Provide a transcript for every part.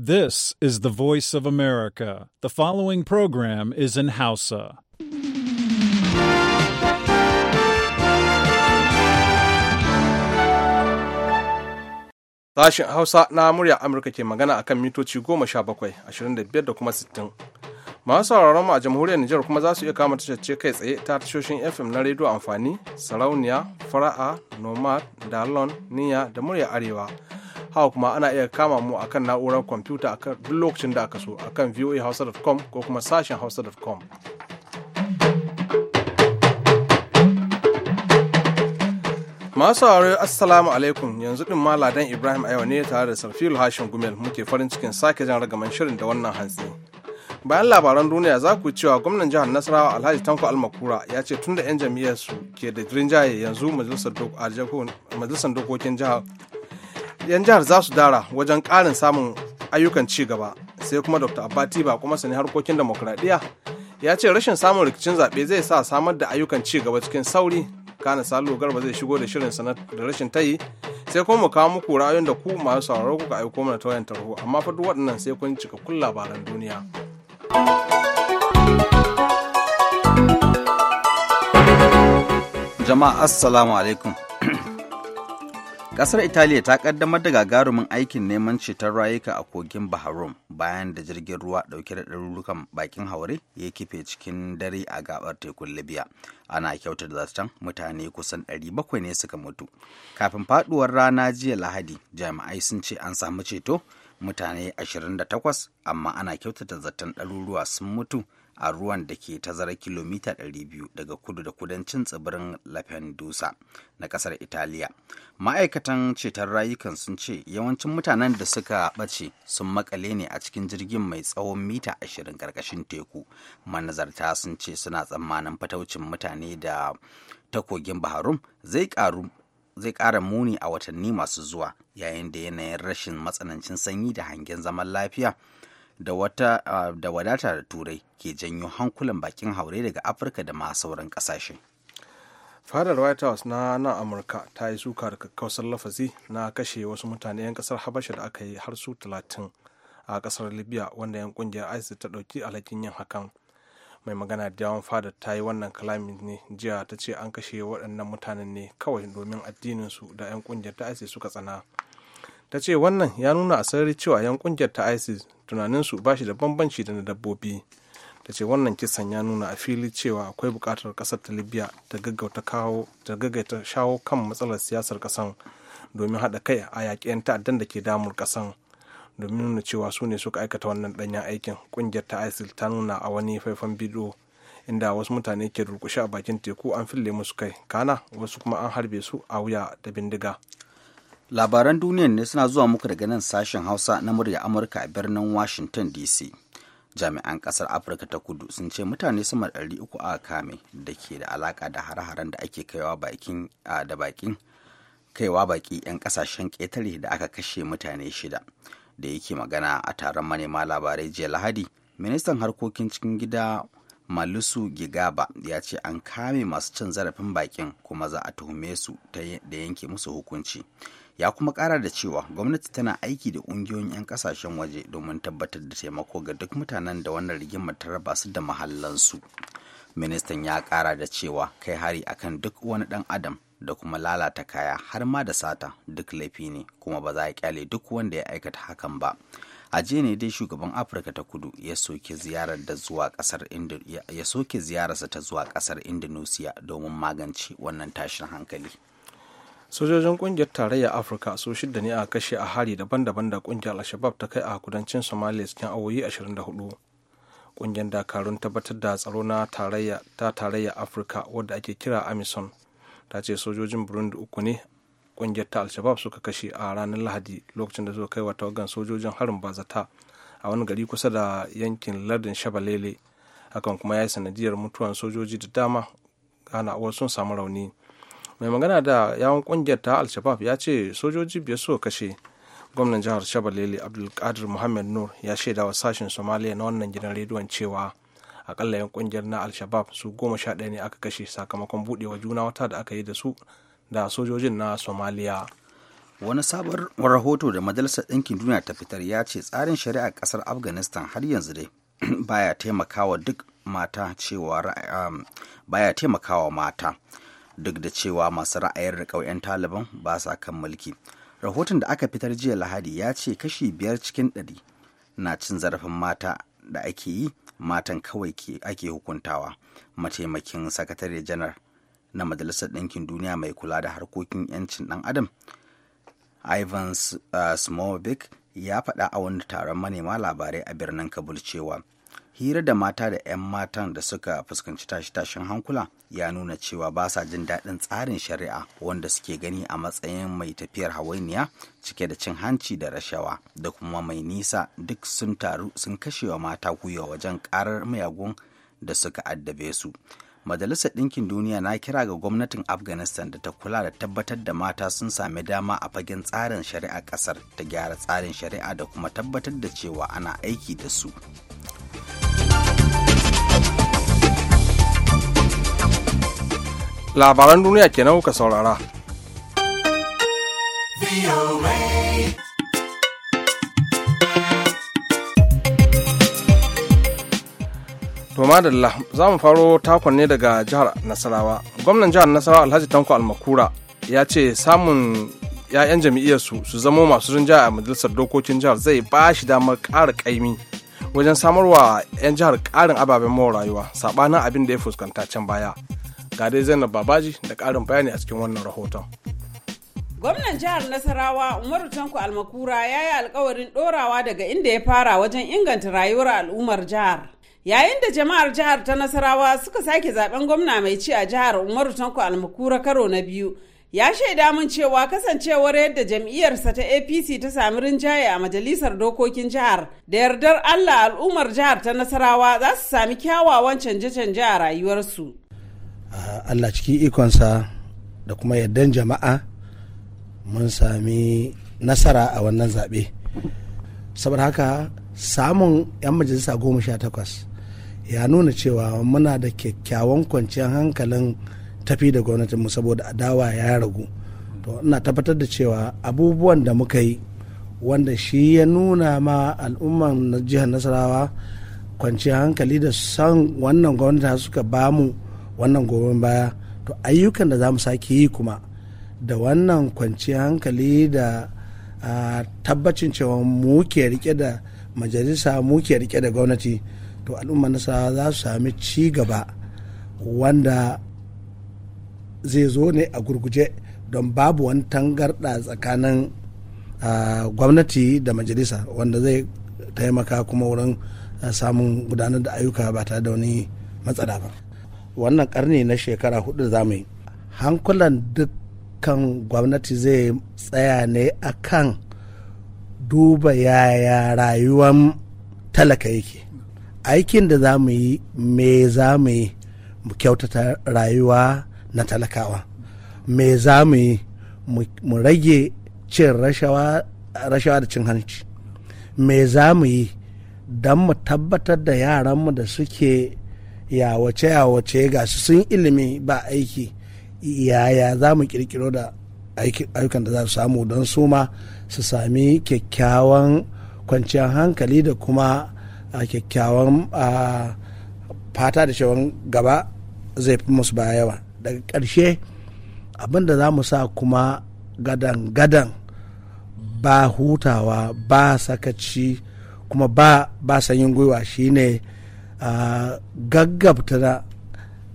This is the voice of America. The following program is in Hausa. Sashen Hausa na murya Amurka ke magana akan mitoci goma sha bakwai, ashirin da biyar da kuma sittin. masu sauraron mu a jamhuriyar Nijar kuma za su iya kama tashar kai tsaye ta tashoshin FM na rediyo amfani, sarauniya, fara'a, nomad, dalon, niya da murya arewa. Hawa kuma ana iya kama mu akan na'urar kwamfuta akan duk lokacin da aka so akan voahausa.com ko kuma sashen hausa.com. Masu sauraro assalamu alaikum yanzu din ma ladan Ibrahim a ne tare da Sarfilu Hashim Gumel muke farin cikin sake jan ragaman shirin da wannan hantsi. bayan labaran duniya za ku cewa gwamnan jihar nasarawa alhaji tanko almakura ya ce tunda 'yan jam'iyyarsu ke da rinjaye yanzu majalisar dokokin jihar yan jihar za su dara wajen karin samun ayyukan ci gaba sai kuma dr abati ba kuma sani harkokin demokuraɗiyya ya ce rashin samun rikicin zaɓe zai sa samar da ayyukan ci gaba cikin sauri kana salo garba zai shigo da shirin sana da rashin tayi sai kuma mu kawo muku ra'ayoyin da ku masu sauraro kuka aiko mana ta tarho amma fa duk waɗannan sai kun cikakkun labaran duniya. Jama'a Assalamu alaikum. Kasar Italiya ta kaddamar da gagarumin aikin neman ceton rayuka a kogin Bahrain bayan da jirgin ruwa dauke da ɗarurrukan bakin haure ya kife cikin dare a gabar tekun Libya. Ana kyauta da zaton mutane kusan 700 ne suka mutu. Kafin faduwar rana jiya Lahadi, jami'ai sun ce an samu ceto mutane 28 amma ana kyautata zaton ɗaruruwa sun mutu a ruwan da ke tazara kilomita 200 daga kudu da kudancin tsibirin lafendusa na ƙasar Italiya. Ma'aikatan ceton rayukan sun ce yawancin mutanen da suka ɓace sun makale ne a cikin jirgin mai tsawon mita 20 ƙarƙashin teku. Manazarta sun ce suna tsammanin fataucin mutane da takogin Baharum zai ƙaru zai ƙara muni a watanni masu zuwa yayin da yanayin rashin matsanancin sanyi da hangen zaman lafiya da wata da wadata da turai ke janyo hankulan bakin haure daga afirka da ma sauran ƙasashe. fadar white house na nan amurka ta yi suka da kakkausar lafazi na kashe wasu mutane 'yan kasar habasha da aka yi har su 30 a kasar libya wanda 'yan kungiyar isis ta ɗauki alhakin yin hakan mai magana da yawan fada ta yi wannan kalamin ne jiya ta ce an kashe waɗannan mutanen ne kawai domin addininsu da 'yan ƙungiyar ta isis suka tsana ta ce wannan ya nuna a sarari cewa 'yan ƙungiyar ta isis tunaninsu ba shi da bambanci da na dabbobi ta ce wannan kisan ya nuna a fili cewa akwai buƙatar ƙasar ta libya ta gaggauta ta shawo kan matsalar siyasar ƙasan domin haɗa kai a yaƙi 'yan ta'addan da ke damun ƙasan domin nuna cewa su ne suka aikata wannan danyen aikin kungiyar ta isil ta nuna a wani faifan bidiyo inda wasu mutane ke durkushe a bakin teku an fille musu kai kana wasu kuma an harbe su a wuya da bindiga labaran duniyan ne suna zuwa muku daga nan sashen hausa na murya amurka a birnin washington dc jami'an kasar afirka ta kudu sun ce mutane sama da uku a kame da ke da alaka da hare-haren da ake kaiwa bakin da bakin kaiwa baki 'yan kasashen ƙetare da aka kashe mutane shida da yake magana a taron manema labarai jiya lahadi ministan harkokin cikin gida malusu gigaba ya ce an kame masu cin zarafin bakin kuma za a tuhume su da yanke musu hukunci ya kuma kara da cewa gwamnati tana aiki da ƙungiyoyin 'yan kasashen waje domin tabbatar da taimako ga duk mutanen da wannan rigimar ta raba su da mahallansu ministan ya kara da cewa kai hari akan duk wani dan adam da kuma lalata kaya har ma da sata duk laifi ne kuma ba za a kyale duk wanda ya aikata hakan ba a jiya ne dai shugaban afirka ta kudu ya soke ziyararsa ta zuwa kasar indonesia domin magance wannan tashin hankali sojojin kungiyar tarayyar afirka so shidda ne a kashe a hari daban-daban da kungiyar al ta kai a kudancin somalia cikin awoyi 24 kungiyar dakarun tabbatar da tsaro na tarayya ta tarayyar afirka wadda ake kira amison ta ce sojojin burundi uku ne kungiyar ta alshabab suka kashe a ranar lahadi lokacin da suka kai wa tawagan sojojin harin bazata a wani gari kusa da yankin lardin shabalele hakan kuma ya yi sanadiyar mutuwan sojoji da dama gana wasu sun samu rauni mai magana da yawon kungiyar ta alshabab ya ce sojoji biyar suka kashe gwamnan jihar shabalele abdulkadir muhammad nur ya shaida wa sashen somaliya na wannan gidan rediyon cewa akalla yan kungiyar na al-shabab su goma sha ɗaya ne aka kashe sakamakon buɗewa juna wata da aka yi da su da sojojin na somaliya wani sabon rahoto da majalisar ɗinkin duniya ta fitar ya ce tsarin shari'a ƙasar afghanistan har yanzu dai baya taimakawa duk mata cewa um, baya taimakawa mata duk da cewa masu ra'ayin da ƙauyen taliban ba sa kan mulki rahoton da aka fitar jiya lahadi ya ce kashi biyar cikin ɗari na cin zarafin mata da ake yi matan kawai ake hukuntawa mataimakin sakatare janar na majalisar ɗinkin duniya mai kula da harkokin 'yancin ɗan adam ivan uh, smovic ya faɗa a wani taron manema labarai a birnin kabul cewa hira da mata da 'yan matan da suka fuskanci tashi-tashin hankula ya nuna cewa ba sa jin daɗin tsarin shari'a wanda suke gani a matsayin mai tafiyar hawainiya cike da cin hanci da rashawa da kuma mai nisa duk sun taru sun kashewa mata gwiwa wajen karar mayagun da suka addabe su majalisar ɗinkin duniya na kira ga gwamnatin afghanistan da ta kula da tabbatar da mata sun sami dama a fagen tsarin shari'a ƙasar ta gyara tsarin shari'a da kuma tabbatar da cewa ana aiki da su labaran duniya kenan kuka saurara To madalla za mu faro takon ne daga jihar Nasarawa. Gwamnan jihar Nasarawa Alhaji Tanko Almakura ya ce samun 'ya'yan jam'iyyarsu su zamo masu rinjaya a majalisar dokokin jihar zai ba shi damar ƙara ƙaimi wajen samarwa 'yan jihar karin ababen more rayuwa saɓanin abin da ya fuskanta can baya ga dai zainab babaji da karin bayani a cikin wannan rahoton gwamnan jihar nasarawa umaru tanko almakura ya yi alkawarin dorawa daga inda ya fara wajen inganta rayuwar al'ummar jihar yayin da jama'ar jihar ta nasarawa suka sake zaben gwamna mai ci a jihar umaru tanko almakura karo na biyu ya shaida min cewa kasancewar yadda jam'iyyarsa ta apc ta sami rinjaye a majalisar dokokin jihar da yardar allah al'ummar jihar ta nasarawa za su sami kyawawan canje-canje a rayuwarsu allah cikin ikonsa da kuma yardan jama'a mun sami nasara a wannan zaɓe saboda haka samun 'yan majalisa goma sha takwas ya nuna cewa muna da kyakkyawan kwanciyar hankalin tafi da mu saboda adawa ya ragu to ina tabbatar da cewa abubuwan da muka yi wanda shi ya nuna ma al'umman jihar nasarawa kwanciyar hankali da san wannan gwamnati suka bamu wannan goben baya to ayyukan da za mu sake yi kuma da wannan kwanciyar hankali da tabbacin cewa mu ke rike da majalisa mu ke rike da gwamnati to al'ummar nasarawa za su sami ci gaba wanda zai zo ne a gurguje don babu wani tangarɗa tsakanin gwamnati da majalisa wanda zai taimaka kuma wurin samun gudanar da ayyuka ba tare da wani matsala ba wannan karni na shekara hudu da yi hankulan dukkan gwamnati zai tsaya ne akan duba yaya rayuwan talaka yake aikin da za yi me za yi mu kyautata rayuwa na talakawa me za mu yi mu rage cin rashawa da cin hanci me za mu yi don mu tabbatar da yaranmu da suke yawace-yawace ga su sun ilimi ba aiki yaya za mu kirkiro da ayyukan da za su samu don su ma su sami kyakkyawan kwanciyar hankali da kuma a kyakkyawan fata da shawan gaba zai fi musu baya yawa daga ƙarshe abinda za mu sa kuma gadan-gadan ba hutawa ba sakaci kuma ba ba sanyin gwiwa shine ne gaggabta na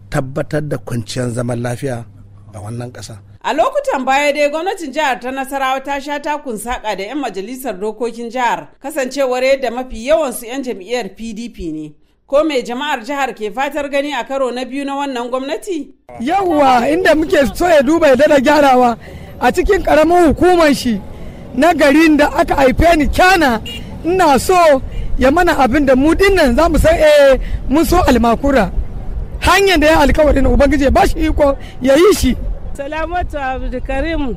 tabbatar da kwanciyar zaman lafiya a wannan ƙasa. a lokutan baya dai gwamnatin jihar ta nasarawa ta sha takun saka da 'yan majalisar dokokin jihar kasancewar yadda mafi yawansu 'yan jam'iyyar pdp ne ko mai jama'ar jihar ke fatar gani a karo na biyu na wannan gwamnati? Yawwa inda muke so ya duba ya dada gyarawa a cikin karamin hukumar shi na garin da aka haife ni kyana ina so ya mana abin da mu dinnan za mu san eh mun so almakura hanyar da ya alkawarin ubangiji ba shi iko ya yi shi. Salamatu Abdulkarim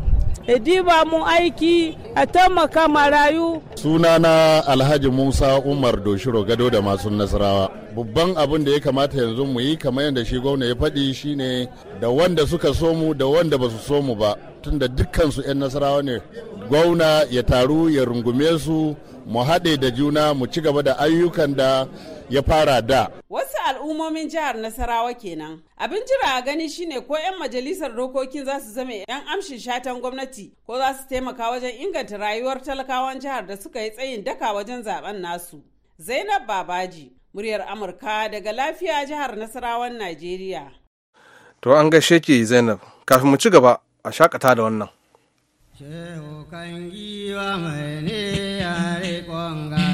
ya e diba mu aiki a taimaka marayu. Sunana Alhaji Musa Umar Doshiro Gado da masu Nasarawa. Babban abin da ya kamata yanzu mu yi kamar yadda shi gwamna ya faɗi shine da wanda suka so mu da wanda ba su so mu ba. Tunda dukkansu 'yan Nasarawa ne. Gwamna ya taru ya rungume su mu haɗe da juna mu ci gaba da ayyukan da ya fara da. Wasu al'ummomin jihar Nasarawa kenan. Abin jira a gani shine ko 'yan majalisar dokokin za su zama 'yan amshin shatan gwamnati ko za su taimaka wajen inganta rayuwar talakawan jihar da suka yi tsayin daka wajen zaben nasu. Zainab Babaji, muryar Amurka daga lafiya jihar Nasarawan Najeriya. To an gaishe ki Zainab, kafin mu ci gaba a shakata da wannan. 却无根依偎，美丽爱光溉。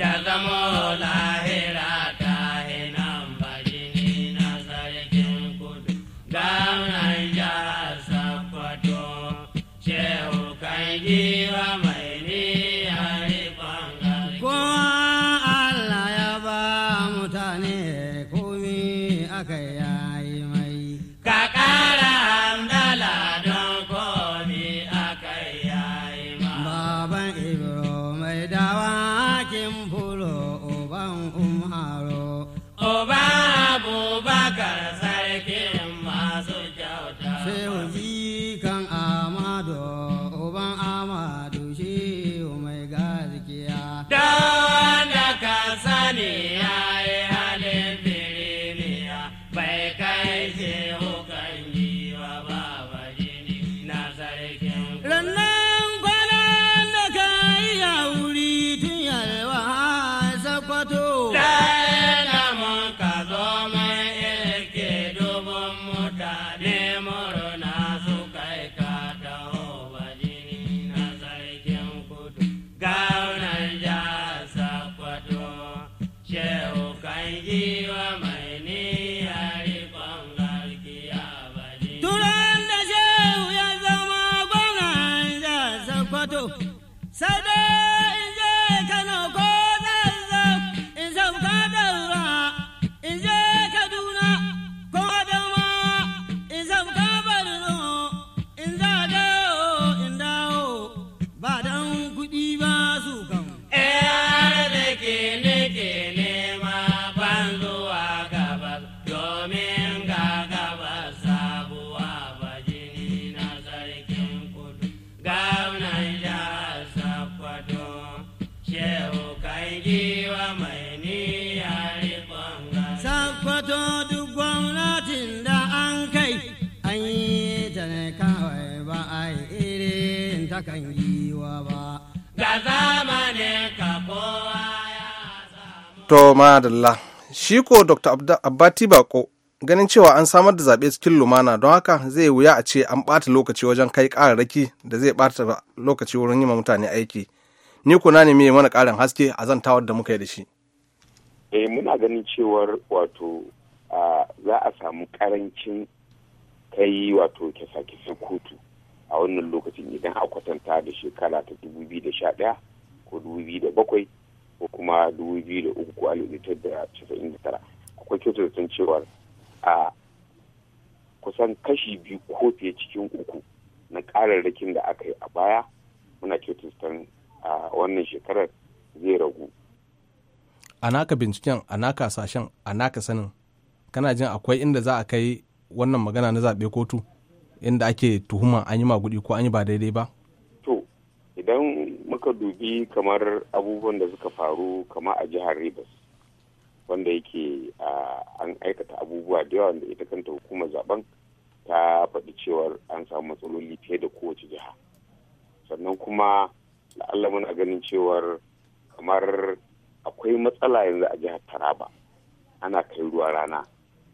यदमोला To madalla shi ko Dr. Abbati Bako ganin cewa an samar da zaɓe cikin lumana don haka zai wuya a ce an ɓata lokaci wajen kai ƙararraki da zai ɓata lokaci wurin yi mutane aiki. Ni kuna ne mai mana ƙarin haske a zantawar da muka yi da shi. Eh muna ganin cewar wato za a samu ƙarancin kai wato kisa kisa kotu a wannan lokacin idan a kwatanta da shekara ta ɗaya. ko dubu biyu da bakwai ko kuma dubu biyu da uku ko alif litar da casa'in da tara akwai kyautatan cewa a kusan kashi biyu ko fiye cikin uku na kararrakin da aka yi a baya muna kyautatan a wannan shekarar zai ragu a naka binciken a naka sashen a naka sanin kana jin akwai inda za a kai wannan magana na zaɓe kotu inda ake tuhuma an yi maguɗi ko an yi ba daidai ba muka dubi kamar abubuwan da suka faru kama a jihar Rivers wanda yake an aikata abubuwa da yawa da ita kanta hukumar zaben ta faɗi cewar an samu matsaloli fiye da kowace jiha sannan kuma la'alla a ganin cewar kamar akwai matsala yanzu a jihar taraba ana kai ruwa rana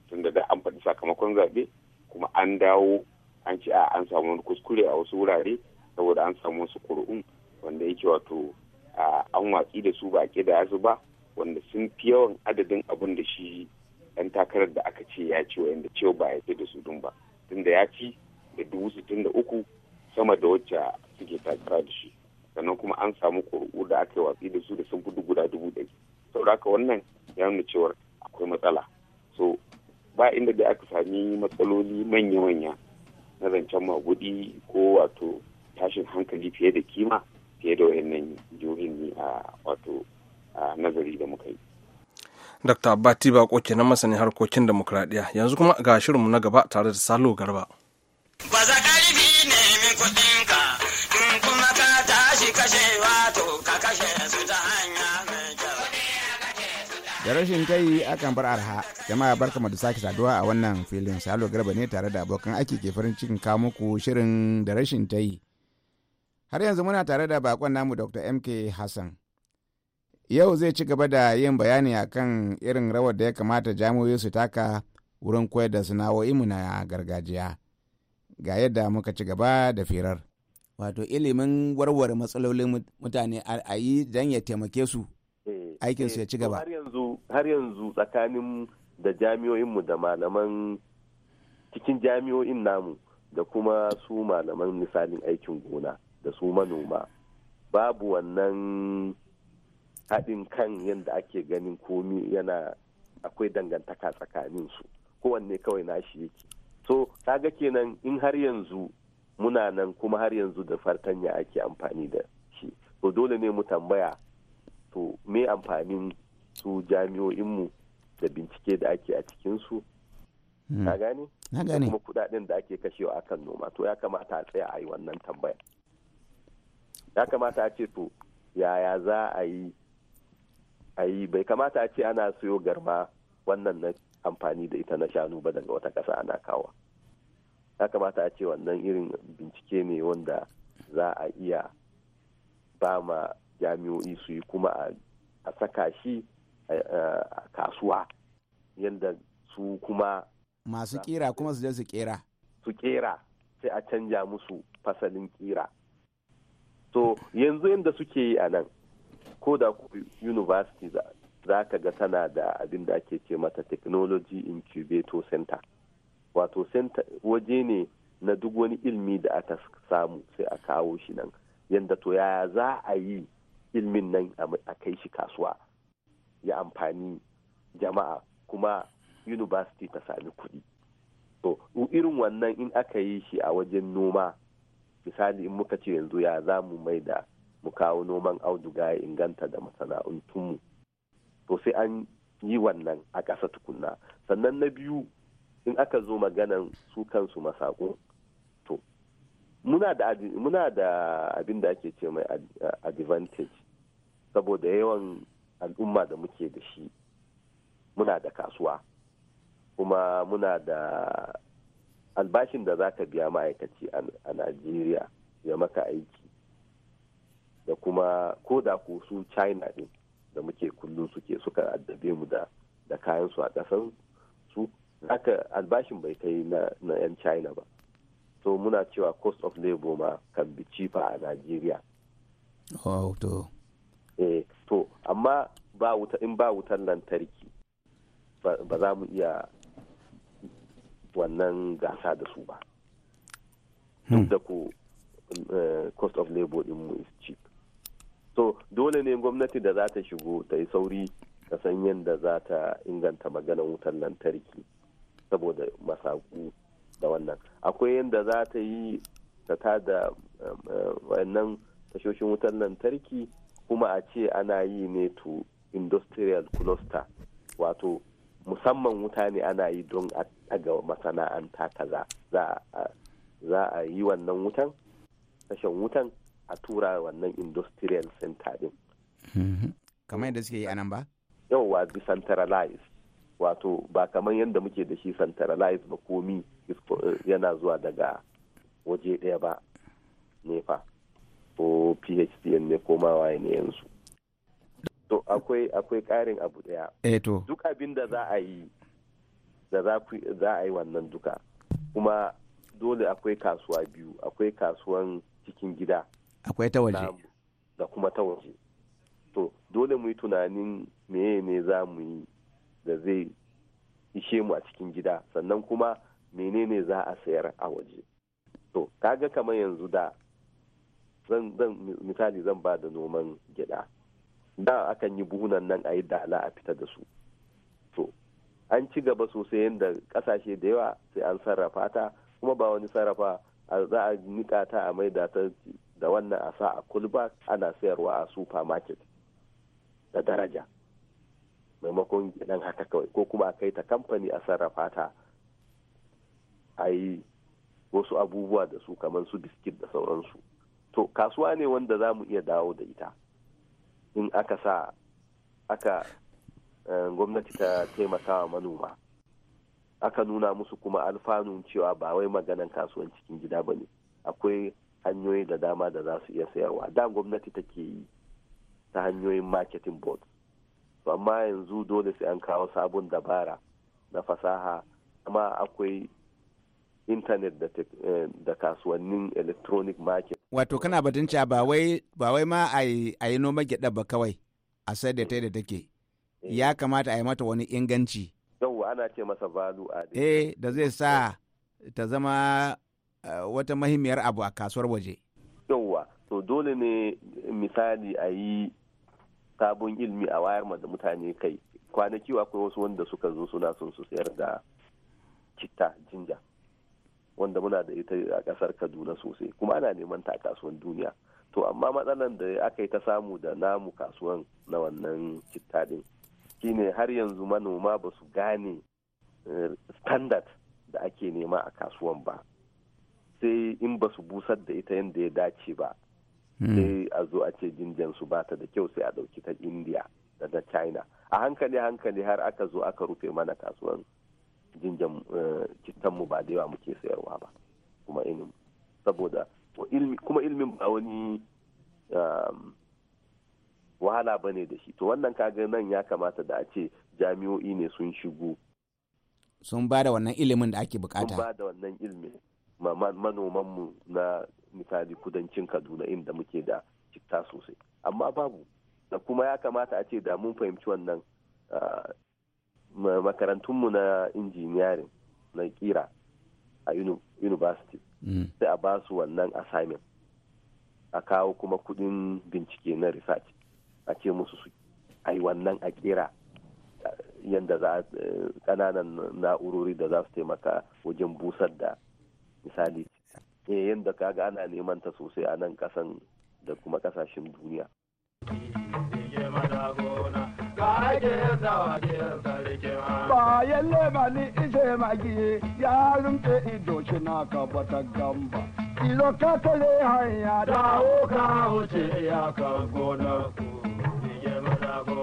tunda da an faɗi sakamakon zaɓe kuma an dawo an ce a an samu kuskure a wasu wurare saboda an samu wasu ƙuri'un wanda yake wato an watsi da su ba da yasu ba wanda sun fi yawan adadin abin da shi dan takarar da aka ce ya ci yanda cewa ba ya da su dun ba da ya ci da dubu sittin da uku sama da wacce suke takara da shi sannan kuma an samu kuri'u da aka yi watsi da su da sun fi guda dubu ɗari da aka wannan ya nuna cewar akwai matsala so ba inda da aka sami matsaloli manya-manya na zancen magudi ko wato tashin hankali fiye da kima fiye da nan juhin ni a wato nazari da muka yi Dr. Abati Bako kenan masanin harkokin demokradiyya yanzu kuma ga shirinmu na gaba tare da Salo Garba. Ba ƙarfi ta hanya mai Da rashin tayi akan bar arha, jama'a barkama da sake saduwa a wannan filin Salo Garba ne tare da abokan aiki ke farin cikin kawo shirin da rashin tayi. har yanzu muna tare da bakon namu dr mk hassan yau zai ci gaba da yin bayani akan irin rawar da ya kamata jami'o'i su taka wurin koyar da sana'o'inmu na gargajiya ga yadda muka ci gaba da firar wato ilimin warware matsalolin mutane a yi don ya taimake su eh, aikinsu eh, ya ci gaba har yanzu tsakanin da jami'o'inmu da malaman cikin jami'o'in namu da kuma su malaman misalin aikin gona da su manoma babu wannan haɗin kan yadda ake ganin komi yana akwai dangantaka tsakanin su kowanne kawai nashi yake so kaga kenan in har yanzu muna nan kuma har yanzu da fartanya ake amfani da shi to dole ne mu tambaya to me amfanin su jami'o'inmu da bincike da ake a cikinsu hmm. na gane? na kuma kudaden da ake kashewa akan noma to ya kamata a tsaya a yi wannan tambaya ya kamata a ce to yaya za a yi a yi bai kamata a ce ana siyo garma wannan na amfani da ita na shanu ba daga wata ƙasa ana kawa ya kamata a ce wannan irin bincike ne wanda za a iya ba ma jami'o'i su yi kuma a saka shi a kasuwa yadda su kuma masu kera kuma su je su kera su kera sai a canja musu fasalin kira so yanzu yadda suke yi a nan ko da university za ka ga tana da abin da ake ce mata technology incubator center wato waje ne na duk wani ilmi da aka samu sai a kawo shi nan yadda to ya za a yi ilmin nan a kai shi kasuwa ya amfani jama'a kuma university ta sami kuɗi to irin wannan in aka yi shi a wajen noma misali in muka ce yanzu ya za mu mai da mu kawo noman auduga ya inganta da masana'antunmu to sai an yi wannan a ƙasa tukunna sannan na biyu in aka zo maganan su kansu masako to muna da muna da abin da ake ce mai advantage saboda yawan al'umma da muke da shi muna da kasuwa kuma muna da albashin da za ka biya ma'aikaci a najeriya ya maka aiki da kuma ko da ku su china din da muke kullum suke suka addabe mu da da kayan su a ƙasar su haka albashin bai kai na 'yan china ba so muna cewa cost of labor ma kan bi cifa a najeriya to eh, to amma in ba wutar lantarki ba za mu iya wannan gasa da su ba duk hmm. da ku eh, cost of labor mu is cheap so dole ne gwamnati da za ta shigo ta yi sauri ta san yadda za ta inganta maganan wutar lantarki saboda masaku da wannan akwai yadda za ta yi ta da eh, wannan tashoshin wutar lantarki kuma a ce ana yi ne to industrial cluster wato musamman wuta ne ana yi don a daga masana'anta kaza za a yi wannan wutan tashan wutan a tura wannan industrial center din mhm. kamar yadda suke yi anan ba yauwa decentralized wato ba kamar yadda muke da shi centralized ba komi yana zuwa daga waje ɗaya ba nefa ko phcn ne ko mawaye ne yanzu to akwai akwai ƙarin abu ɗaya eh, duk abin da za a yi da za a yi wannan duka kuma dole akwai kasuwa biyu akwai kasuwan cikin gida akwai ta waje da kuma ta waje to dole mu yi tunanin meye ne za mu yi da zai ishe mu a cikin gida sannan kuma menene za a sayar a waje to kaga kamar yanzu da zan misali zan ba da noman gida da akan yi buhunan nan a yi dala a fita da su to an ci gaba sosai yadda kasashe da yawa sai an sarrafa ta kuma ba wani sarrafa za a nika ta a da ta da wannan a sa a kulba ana sayarwa a supermarket da daraja maimakon gidan haka kawai ko kuma a kai ta kamfani a sarrafa ta a yi wasu abubuwa da su kamar su biskit da sauransu to kasuwa ne wanda za mu iya dawo da ita in aka sa aka Eh, gwamnati ta taimaka wa manoma aka nuna musu kuma alfanun cewa ba wai maganan kasuwan cikin gida ba ne akwai hanyoyi da dama da za su iya sayarwa da gwamnati take yi ta hanyoyin marketing board amma yanzu dole sai an kawo sabon dabara na fasaha amma akwai intanet da eh, kasuwannin electronic market wato kana batun cewa ba wai ma a yi noma gyada ba kawai a sai da ta da take Eh. ya kamata a yi mata wani inganci yauwa ana ce masa balu a eh da zai sa ta zama eh, wata mahimmiyar abu a kasuwar waje yauwa to dole ne misali a yi sabon ilmi a wayar da mutane kai kwanaki akwai wasu wanda suka zo suna son su sayar da citta jinja wanda muna da ita a kasar kaduna sosai kuma ana neman ta a kasuwan duniya to amma matsalar da aka yi ta samu da namu kasuwan na wannan citta din shine har yanzu manoma ba su gane eh, standard da ake nema a kasuwan ba sai in ba su busar da ita yadda ya dace ba hmm. sai a zo a ce jinjan su bata da kyau sai a ɗauki ta india da ta china a hankali hankali har aka zo aka rufe mana kasuwan jinjan eh, mu ba da yawa muke sayarwa ba kuma ilmin saboda kuma ilmin ba wani um, wahala ba ne da shi to wannan kaga nan ya kamata da a ce jami'o'i ne sun shigo sun ba da wannan ilimin da ake bukata sun ba da wannan ilimin manomanmu na misali kudancin kaduna inda muke da citta sosai amma babu da kuma ya kamata a ce da mun fahimci wannan ah, makarantunmu na injiniyarin na kira a university mm. sai a ba su wannan assignment a kawo kuma kudin bincike na research a ce musu su ai wannan a kera eh, yadda za kananan eh, na'urori da za su taimaka wajen busar da misali eh, yadda kaga ana neman ta sosai a nan kasan da kuma kasashen duniya. Bayan lemani ise magi ya rumfe ido na ka bata gamba. Ilo ka kare hanya dawo ka wuce iyakar gonar ku.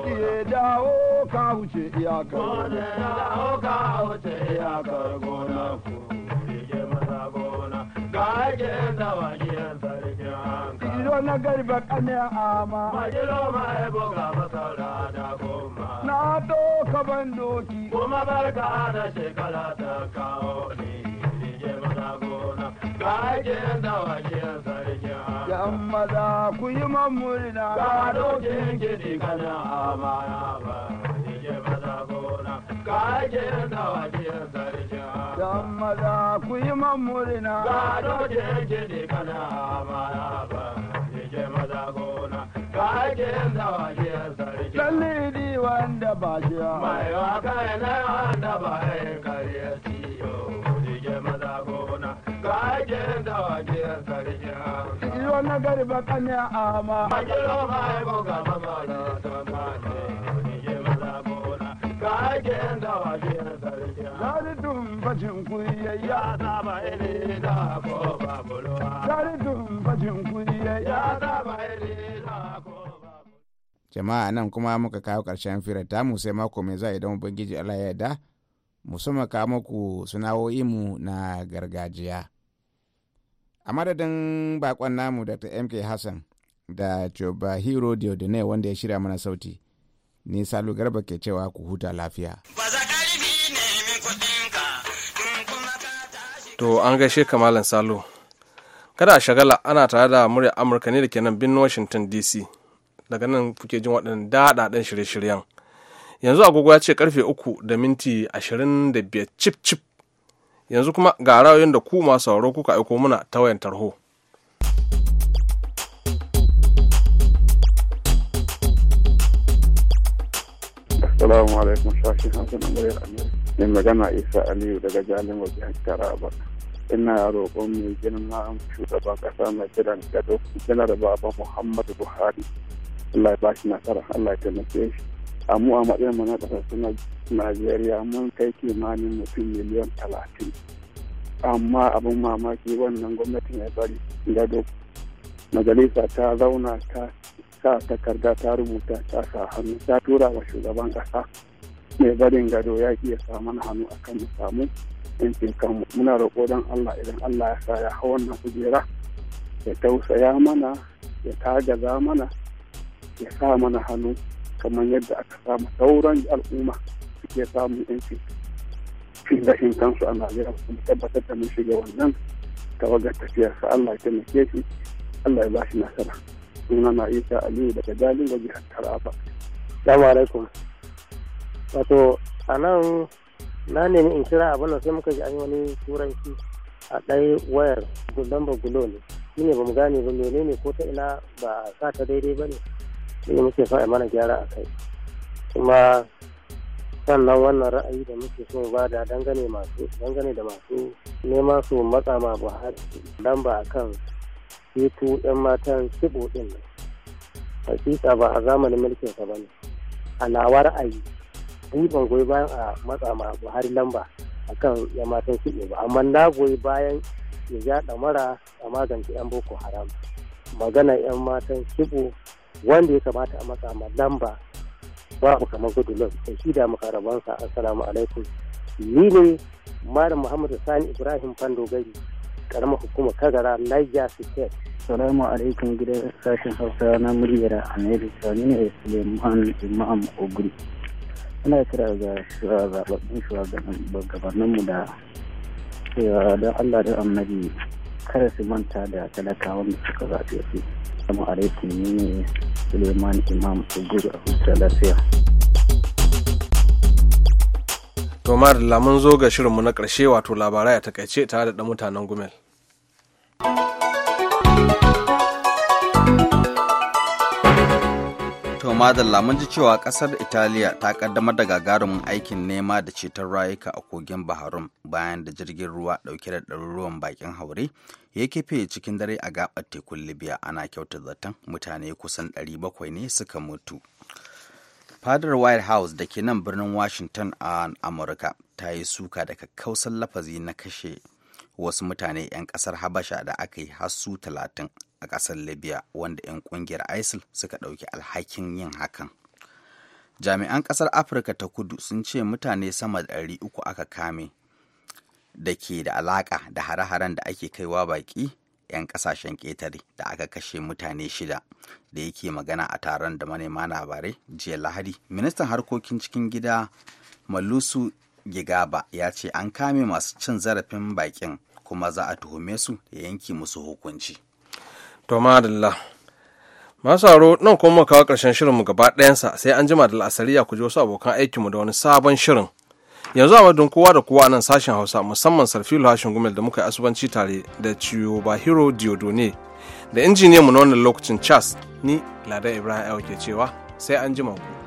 ya dawo ka wuce iyakar gona ya dawo ka wuce iyakar gona ku rige maza gona ga ke zawa giyan sarkin hanka ido na garba kane ama majiro ma ya boga masara da ma. na doka ban doki kuma barka da shekara ta kawo ne gaje da wake sarki yan maza ku yi mamurina ga ke gidi kana amana ba ke yake maza gona gaje da wake sarki yan maza ku yi mamurina ga dokin gidi kana amana ba yake maza gona gaje da wake sarki lalle wanda ba jiya mai waka ne wanda ba ya kariya ciyo yake maza gona kage da waje sarki iyo na gari ba kane ama magiro mai boga baba da tamane ni maza bona kage da waje sarki gari dum bajin kuye ya da ba ile da ko ba bulo gari dum bajin kuye ya da ba ile da ko jama'a nan kuma muka kawo ƙarshen fira ta, tamu sai mako mai za a idan ubangiji Allah ya yarda musamman kawo muku mu na gargajiya. a madadin bakon namu dr mk hassan da Joba Hero Diodone wanda ya shirya mana sauti. Ni Salu Garba ke cewa ku huta lafiya. To an gaishe kamalan salo Kada a shagala ana tare da murya Amurka ne da ke nan birnin Washington DC. Daga nan kuke jin waɗannan daɗaɗen shirye-shiryen. Yanzu agogo ya ce karfe uku da minti ashirin da biyar cip cip yanzu kuma ga ra'ayoyin da ku masu sauraro kuka aiko muna ta wayan tarho. Assalamu alaikum sashen Hausa na Muryar Amurka. Mai magana Isa Aliyu daga Jalin Waje Taraba. Ina roƙon mai girma shugaban ƙasa mai gidan gado, Janar Baba Muhammadu Buhari. Allah ya ba shi nasara, Allah ya taimake shi. a mu a matsayin mu na ƙasar najeriya mun kai kimanin mutum miliyan talatin amma abin mamaki wannan gwamnatin ya bari gado majalisa ta zauna ta sa takarda ta rubuta ta sa hannu ta tura wa shugaban ƙasa mai barin gado ya iya samun hannu akan mu samu yancin kanmu muna roƙo don allah idan allah ya sa ya hau wannan kujera ya tausaya mana ya tagaza mana ya sa mana hannu kamar yadda aka samu sauran al'umma suke samun yanci cin gashin kansu a najeriya kuma tabbatar da mun shiga wannan tawagar tafiyarsa allah ya taimake shi allah ya ba shi nasara suna na isa aliyu daga jalin wajen taraba salamu alaikum wato a nan na nemi in kira abin da sai muka ji an yi wani turanci a ɗaya wayar lamba gulo ne shi ne ba mu gane ba menene ko ta ina ba sa ta daidai ba ne shi ne muke so mana gyara a kai kuma sannan wannan ra'ayi da muke so ba da dangane masu dangane da masu nema su matsa ma buhari lamba akan hitu yan matan sibo din hakika ba a zamanin mulkin sa bane a nawa ra'ayi ni goyi bayan a matsa ma buhari lamba kan yan matan sibo ba amma na goyi bayan ya ja damara a magance yan boko haram magana yan matan sibo wanda ya kamata a maka ma lamba babu kamar goodluck da shi da makarabansa assalamu alaikum ni ne malam muhammadu sani ibrahim fandogari karamar hukumar kagara niger state Salamu alaikum gidan sashen Hausa na muryar Amerika ne ne Suleiman Imam Ogri. Ina kira ga zababbin shugabanninmu da cewa don Allah da annabi kada su manta da talakawan da suka zaɓe su. Assalamu alaikum ni ne Suleiman Imam Ugur a Huta Lafiya. To da mun zo ga shirinmu na ƙarshe wato labarai a takaice tare da mutanen Gumel. To madalla mun ji cewa kasar Italiya ta kaddamar da gagarumin aikin nema da ceton rayuka a kogin Baharum bayan da jirgin ruwa dauke da ɗaruruwan bakin haure ya kefe cikin dare a gabar tekun Libya ana kyauta zaton mutane kusan 700 ne suka mutu. Fadar White House da ke nan birnin Washington a Amurka ta yi suka daga kausan lafazi na kashe wasu mutane 'yan kasar habasha da aka yi hassu talatin a kasar libya wanda 'yan kungiyar isil suka ɗauki alhakin yin hakan jami'an kasar afirka ta kudu sun ce mutane sama da 300 aka kame da ke da alaƙa da hare-haren da ake kaiwa baƙi 'yan ƙasashen ƙetare da aka kashe mutane shida da yake magana a taron da manema labarai jiya lahadi ministan harkokin cikin gida malusu gigaba ya ce an kame masu cin zarafin baƙin kuma za a tuhume su ya yanke musu hukunci. To madalla. Masu haro nan kuma kawo ƙarshen shirinmu gaba ɗayansa sai an jima da la'asari ku ji wasu abokan aikinmu da wani sabon shirin. Yanzu a madun kowa da kowa nan sashen Hausa musamman Sarfilu Hashin Gumel da muka yi asubanci tare da Ciyo Bahiro Diodone da injiniyanmu na wannan lokacin Charles ni Ladan Ibrahim Ayo ke cewa sai an jima ku.